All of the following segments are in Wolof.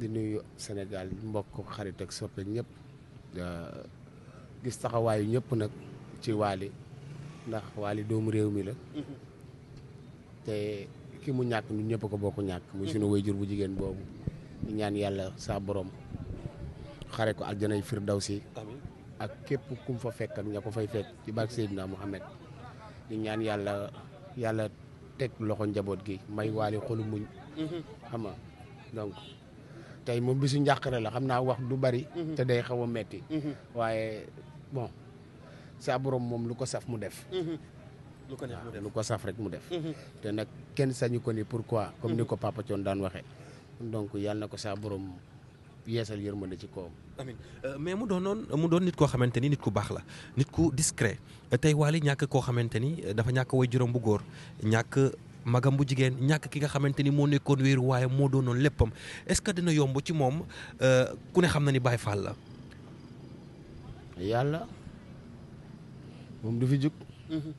di nuyu senegal mbokk xarit ak soppe ñépp euh, gis taxawaayu ñëpp nag ci waali ndax waali doomu réew mi la mm-hmm. te kii mu ñàkk ñun ñëpp ko bokk ñàkk muy sunu mm-hmm. wayjur bu jigéen boobu ñu ñaan yàlla saa borom xare ko aljanay firdawsi ak képp kum fa fekk ak ña ko fay fekk ci barke Seydina Muhammad di ñaan yàlla yàlla teg loxo njaboot gi may waali xolu muñ mm-hmm. xam tey moom bisu njàqare la xam naa wax du bari. Mhm. te day xaw a metti mhm. waaye bon saa borom moom lu ko saf mu def. Mhm. lu ko def lu ko saf rek mu def. te nag kenn sañu ko ni pour quoi comme ni ko Papa daan waxee. donc yàlla na ko saa borom yeesal na ci kawam. amiin euh, mais mu doon doonoon mu doon nit koo xamante ni nit ku baax la nit ku discret tey Wally ñàkk koo xamante ni dafa ñàkk way juróom bu góor ñàkk. magam bu jigéen ñàkk ki nga xamante ni moo nekkoon wéeru waaye moo doonoon léppam est-ce que dina yomb ci moom euh, ku ne xam na ni bay Fall la. yàlla moom du fi jug. Mhm.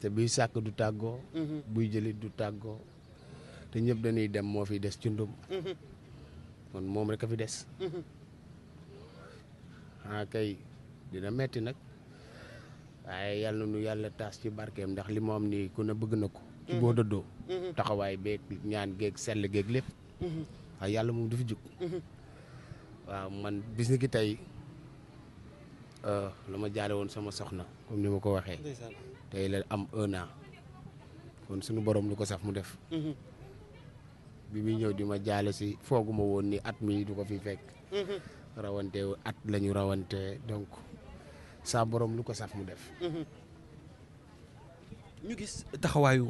te buy sàkk du tàggoo. Mhm. buy jëlit du tàggoo. te ñëpp dañuy dem moo fi des cundum. Mhm. kon moom rek a fi des. ah kay dina metti nag. waaye yàlla nu yàlla taas ci barkeem ndax li mu am nii ku ne bëgg na ko. ci boo mhm. dëddoo. Mhm. taxawaay bee ñaan geeg sell geeg lépp. Mhm. waaye yàlla moom du fi jóg. waaw man bis ni ki tey euh, la ma jaale woon sama soxna comme ni ma ko waxee. tey la am un kon suñu borom lu ko saf mu def. bi muy ñëw di ma jaale si fooguma woon ni at mi du ko fi fekk. rawante at lañu rawante donc. saa borom lu ko saf mu def. ñu gis taxawaayu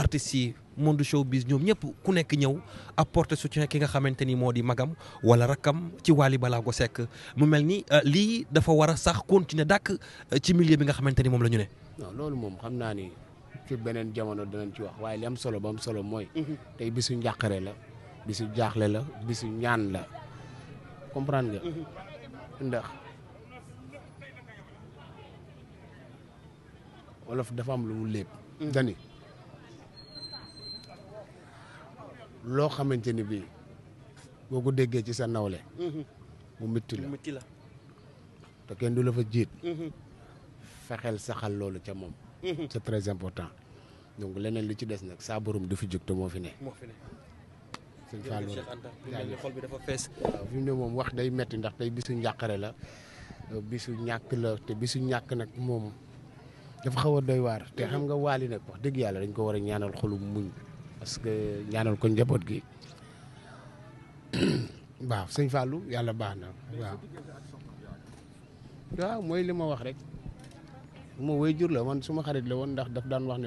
artistes yi monde showbiz ñoom ñëpp ku nekk ñëw apporte soutien ki nga xamante ni moo di magam wala rakkam ci Wally ko sekk mu mel ni euh, lii dafa war a sax continuer dàkk euh, ci millier bi nga xamante ni moom la ñu ne. loolu moom xam naa ni ci beneen jamono danañ ci wax waaye li am solo ba solo mooy. tey bisu njàqare la bisu jaaxle la bisu ñaan la comprendre nga. Mhm. ndax. wolof dafa am lu mu léeb mm. dani loo xamante ni bii boo ko déggee ci sa nawle mm-hmm. mu métti la métti la te kenn du la fa jiit mm-hmm. fexeel saxal loolu ca moom mm-hmm. c'est très important donc leneen lu ci des nag saa borom du fi jóg te moo fi ne moo fi ne sëñ Fallou xol bi dafa fees ne moom wax day metti ndax tey bisu njàqare la bisu ñàkk la te bisu ñàkk nag moom dafa xaw a doy waar te xam nga waali nag wax dëgg yàlla dañ ko war a ñaanal xolum muñ parce que ñaanal ko njaboot gi waaw sëñ Fallou yàlla baax na waaw. mooy li ma wax rek ma way jur la man suma xarit la woon ndax daf daan wax ne.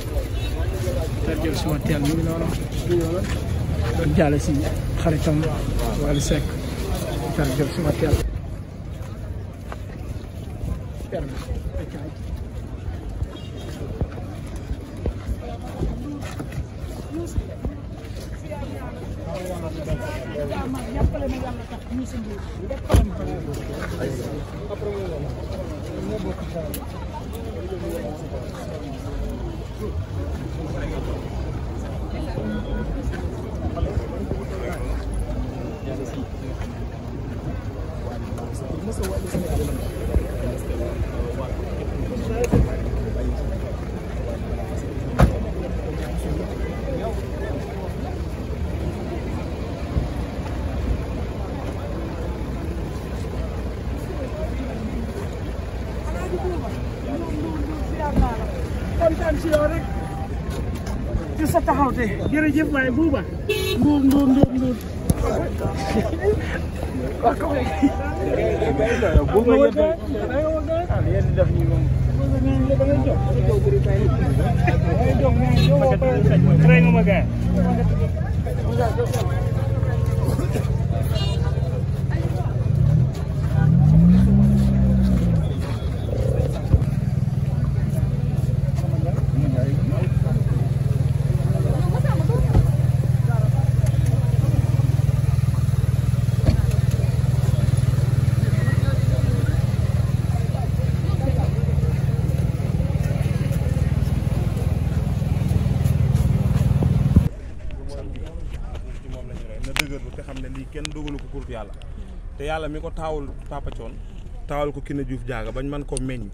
jël suma teel mi ngi noonu jàll si xaritam wàllu sekk per jël suma teel per rek ci sa taxawte jërëjëf waay buuba mbuub mbuub mbuub mbuub waaw kooku buuba yëpp nguurub yàlla te yàlla mi ko taawul Papa Thione taawal ko Kiné Diouf Diaga bañ man koo meññ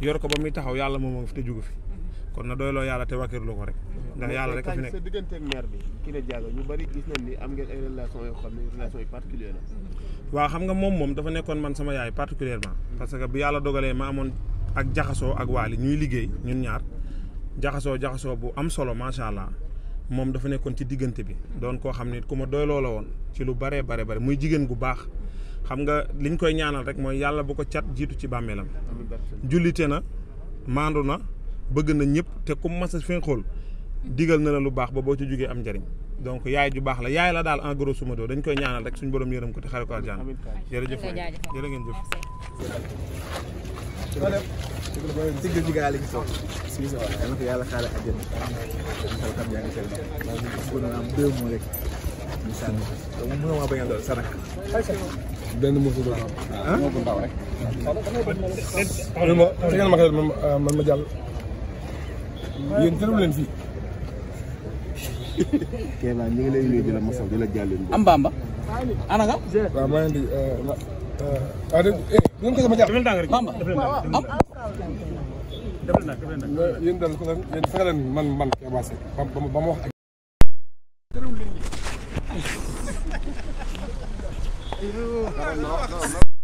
yor ko ba muy taxaw yàlla moom moo fi te jógu fi kon na doyloo yàlla te wàkkirlu ko rek yàlla rek fi nekk sa diggante ak bi Kiné Diaga ñu bari gis ni am ngeen ay relation yoo xam xam nga moom moom dafa nekkoon man sama yaay particulièrement parce que bu yàlla dogalee ma amoon ak jaxasoo ak waali ñuy liggéey ñun ñaar jaxasoo jaxasoo bu am solo macha allah moom dafa nekkoon ci diggante bi doon koo xam ne ku ma doyloo la woon ci lu bare bare bare muy jigéen gu baax xam nga li liñ koy ñaanal rek mooy yàlla bu ko cat jiitu ci bàmmeelam jullite na maandu na bëgg na ñëpp te ku mas a fénqool digal na la lu baax ba boo ci jógee am njariñ donc yaay ju baax la yaay la daal en suma doo dañ koy ñaanal rek suñu borom yërëm ko te xare ko aljana jërëjëf jërë ngeen jëf ci géej gi gaa lañ soog si sa yàlla na ko yàlla xaale àjjana xel xam yaa ngi seen bëgg naa am deux mois rek ñu sànni donc mën na maa bañ man ma jàll yéen tëru leen fii Kéba ñu ngi lay la mosal di la jàllale. am bamba ana bu ngeen ko sama jàpp Bamba am. yéen daal yéen fexe leen man man Kéba Seck ba ba ma wax ak. non non non.